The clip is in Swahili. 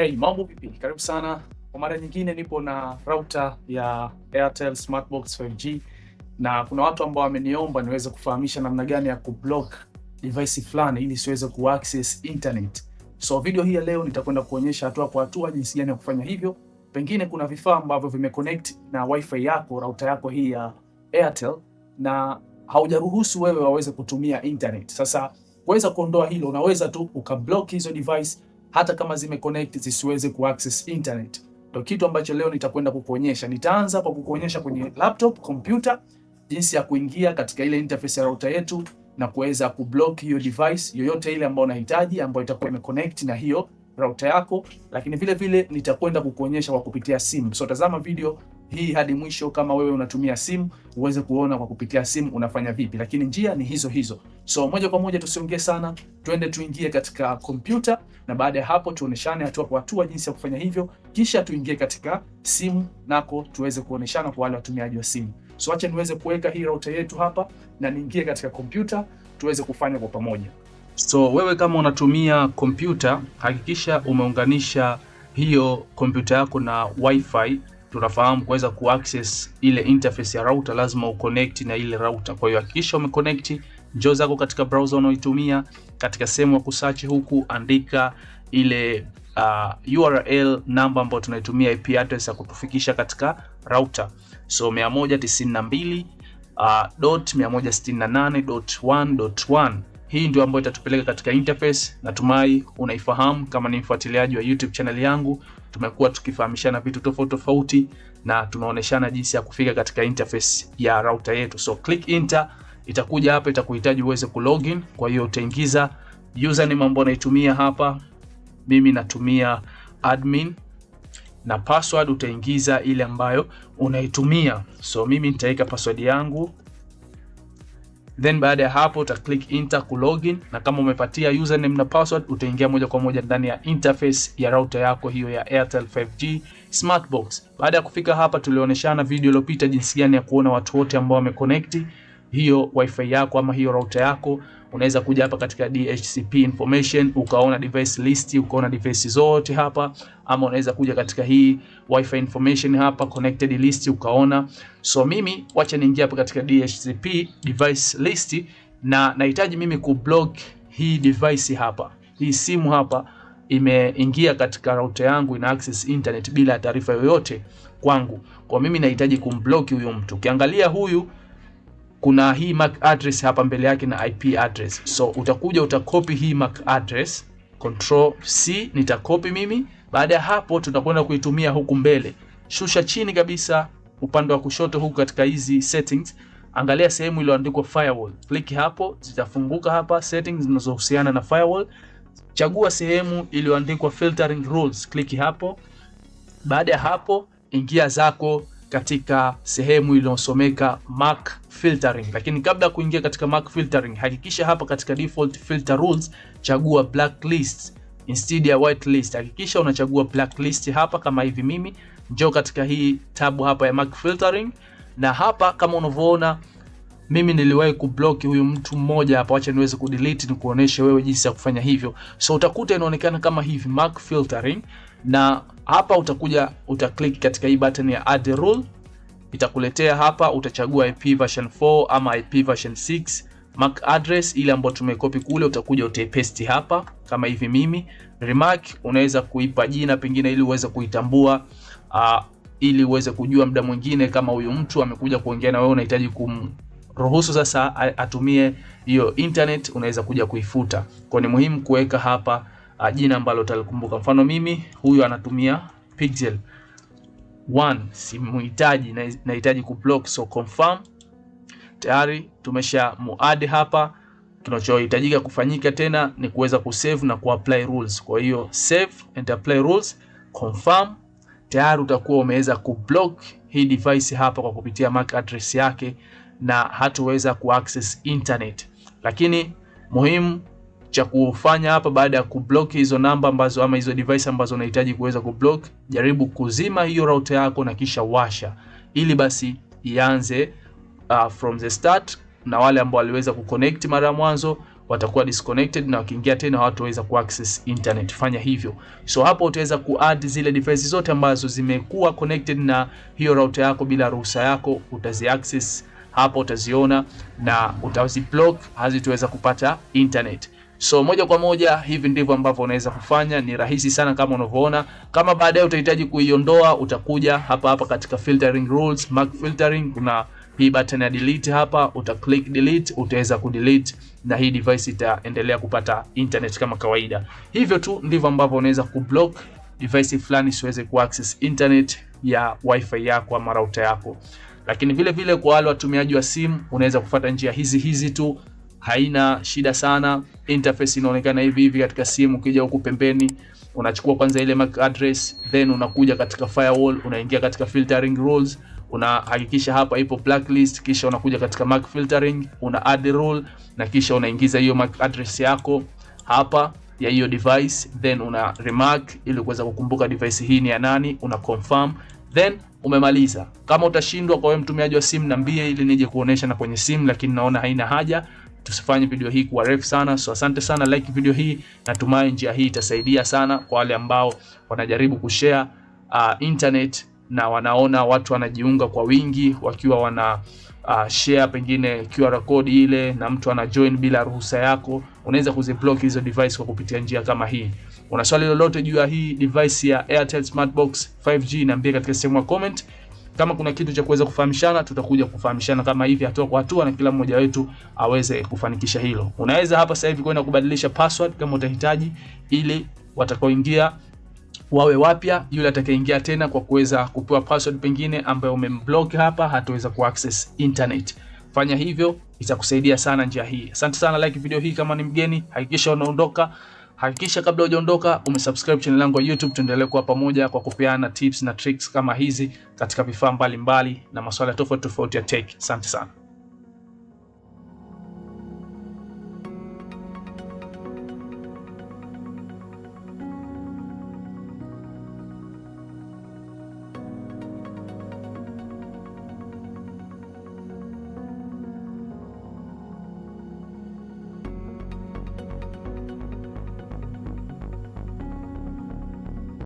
Hey, mambo vipi? Karibu sana kwa mara nyingine, nipo na router ya Airtel Smartbox 5G na kuna watu ambao wameniomba niweze kufahamisha namna gani ya kublock device fulani ili siweze kuaccess internet. So video hii ya leo nitakwenda kuonyesha hatua kwa hatua jinsi gani ya kufanya hivyo. Pengine kuna vifaa ambavyo vimeconnect na wifi yako, router yako hii ya Airtel na haujaruhusu wewe waweze kutumia internet. Sasa kuweza kuondoa hilo, unaweza tu ukablock hizo device hata kama connect zisiweze access internet. Ndio kitu ambacho leo nitakwenda kukuonyesha. Nitaanza kwa kukuonyesha kwenye laptop computer, jinsi ya kuingia katika ile interface ya router yetu na kuweza kublock hiyo device yoyote ile ambayo unahitaji ambayo itakuwa imeconnect na hiyo router yako, lakini vile vile nitakwenda kukuonyesha kwa kupitia simu. So tazama video hii hadi mwisho, kama wewe unatumia simu uweze kuona kwa kupitia simu unafanya vipi, lakini njia ni hizo hizo. So moja kwa moja tusiongee sana, twende tuingie katika kompyuta, na baada ya hapo tuoneshane hatua kwa hatua jinsi ya kufanya hivyo, kisha tuingie katika simu nako tuweze kuoneshana kwa wale watumiaji wa simu. So acha niweze kuweka hii router yetu hapa na niingie katika kompyuta tuweze kufanya kwa pamoja. So wewe kama unatumia kompyuta, hakikisha umeunganisha hiyo kompyuta yako na wifi tunafahamu kuweza kuaccess ile interface ya router lazima uconnect na ile router. Kwa hiyo hakikisha umeconnect, njoo zako katika browser unaoitumia, katika sehemu ya kusearch huku andika ile uh, URL namba ambayo tunaitumia IP address ya kutufikisha katika router. So 192 uh, dot 168 dot 1 dot 1 hii ndio ambayo itatupeleka katika interface. Natumai unaifahamu. Kama ni mfuatiliaji wa YouTube channel yangu, tumekuwa tukifahamishana vitu tofauti tofauti na tunaoneshana jinsi ya kufika katika interface ya router yetu. So click enter, itakuja hapa, itakuhitaji uweze kulogin. Kwa hiyo utaingiza username ambayo naitumia hapa. Mimi natumia admin na password utaingiza ile ambayo unaitumia. So mimi nitaweka password yangu Then baada ya hapo uta click enter ku login, na kama umepatia username na password utaingia moja kwa moja ndani ya interface ya router yako hiyo ya Airtel 5G Smartbox. Baada ya kufika hapa, tulioneshana video iliyopita jinsi gani ya kuona watu wote ambao wameconnect hiyo wifi yako ama hiyo router yako. Unaweza kuja hapa katika DHCP information ukaona device list, ukaona device zote hapa, ama unaweza kuja katika hii wifi information hapa connected list ukaona. So mimi wacha niingia hapa katika DHCP device list, na nahitaji mimi kublock hii device hapa, hii simu hapa imeingia katika router yangu, ina access internet bila taarifa yoyote kwangu. Kwa mimi nahitaji kumblock huyo mtu. Ukiangalia huyu kuna hii MAC address hapa mbele yake na IP address. So utakuja utakopi hii MAC address, control C nitakopi mimi. Baada ya hapo, tutakwenda kuitumia huku mbele. Shusha chini kabisa upande wa kushoto huku katika hizi settings, angalia sehemu iliyoandikwa firewall, click hapo, zitafunguka hapa settings zinazohusiana na firewall. Chagua sehemu iliyoandikwa filtering rules, click hapo. Baada ya hapo, ingia zako katika sehemu iliyosomeka mark filtering. Lakini kabla ya kuingia katika mark filtering, hakikisha hapa katika default filter rules chagua blacklist instead ya whitelist. Hakikisha unachagua blacklist hapa kama hivi. Mimi njoo katika hii tabu hapa ya mark filtering, na hapa kama unavyoona mimi niliwahi kublock huyu mtu mmoja hapa, acha niweze kudelete ni wewe jinsi ya kufanya hivyo. So utakuta inaonekana kama hivi mark filtering, na hapa utakuja uta click katika hii button ya add rule, itakuletea hapa, utachagua IP version 4 ama IP version 6 MAC address ile ambayo tumekopi kule, utakuja utaipesti hapa kama hivi. Mimi remark unaweza kuipa jina pengine ili uweze kuitambua, uh, ili uweze kujua muda mwingine kama huyu mtu amekuja kuongea na wewe, unahitaji kumruhusu sasa atumie hiyo internet, unaweza kuja kuifuta. Kwa ni muhimu kuweka hapa uh, jina ambalo utalikumbuka. Mfano mimi huyu anatumia pixel 1, simuhitaji, nahitaji kublock, so confirm. Tayari tumesha muad hapa. Kinachohitajika kufanyika tena ni kuweza kusave na kuapply rules. Kwa hiyo save and apply rules, confirm. Tayari utakuwa umeweza kublock hii device hapa kwa kupitia MAC address yake na hatuweza kuaccess internet, lakini muhimu cha kufanya hapa, baada ya kublock hizo namba ambazo ama hizo device ambazo unahitaji kuweza kublock, jaribu kuzima hiyo router yako na kisha washa, ili basi ianze uh, from the start, na wale ambao waliweza kuconnect mara ya mwanzo watakuwa disconnected na wakiingia tena hawataweza kuaccess internet. Fanya hivyo, so hapo utaweza kuadd zile devices zote ambazo zimekuwa connected na hiyo router yako bila ruhusa yako, utazi access hapo, utaziona na utaziblock, hazitoweza kupata internet. So moja kwa moja hivi ndivyo ambavyo unaweza kufanya, ni rahisi sana kama unavyoona. Kama baadaye utahitaji kuiondoa, utakuja hapa hapa katika filtering rules, mark filtering, kuna hii button ya delete hapa, uta click delete, utaweza kudelete na hii device itaendelea kupata internet kama kawaida. Hivyo tu ndivyo ambavyo unaweza kublock device fulani siweze kuaccess internet ya wifi yako ama router yako. Lakini vile vile kwa wale watumiaji wa simu unaweza kufuata njia hizi hizi tu haina shida sana. Interface inaonekana hivi hivi katika simu. Ukija huku pembeni, unachukua kwanza ile MAC address, then unakuja katika firewall, unaingia katika filtering rules, unahakikisha hapa ipo blacklist, kisha unakuja katika MAC filtering, una add rule na kisha unaingiza hiyo MAC address yako hapa ya hiyo device, then una remark ili kuweza kukumbuka device hii ni ya nani, una confirm then umemaliza. Kama utashindwa kwa wewe mtumiaji wa simu, niambie ili nije kuonesha na kwenye simu, lakini naona haina haja tusifanye video hii kuwa refu sana. So asante sana, like video hii. Natumai njia hii itasaidia sana kwa wale ambao wanajaribu kushare uh, internet na wanaona watu wanajiunga kwa wingi wakiwa wana uh, share pengine QR code ile na mtu ana join bila ruhusa yako, unaweza kuziblock hizo device kwa kupitia njia kama hii. Una swali lolote juu ya hii device ya Airtel Smartbox 5G, niambie katika sehemu ya comment. Kama kuna kitu cha kuweza kufahamishana, tutakuja kufahamishana kama hivi, hatua kwa hatua, na kila mmoja wetu aweze kufanikisha hilo. Unaweza hapa sasa hivi kwenda kubadilisha password kama utahitaji, ili watakaoingia wawe wapya. Yule atakayeingia tena kwa kuweza kupewa password pengine ambayo umemblock hapa, hataweza kuaccess internet. Fanya hivyo, itakusaidia sana njia hii. Asante sana, like video hii kama ni mgeni, hakikisha unaondoka Hakikisha kabla hujaondoka umesubscribe channel yangu ya YouTube, tuendelee kuwa pamoja kwa kupeana tips na tricks kama hizi katika vifaa mbalimbali na masuala tofauti tofauti ya tech. Asante sana.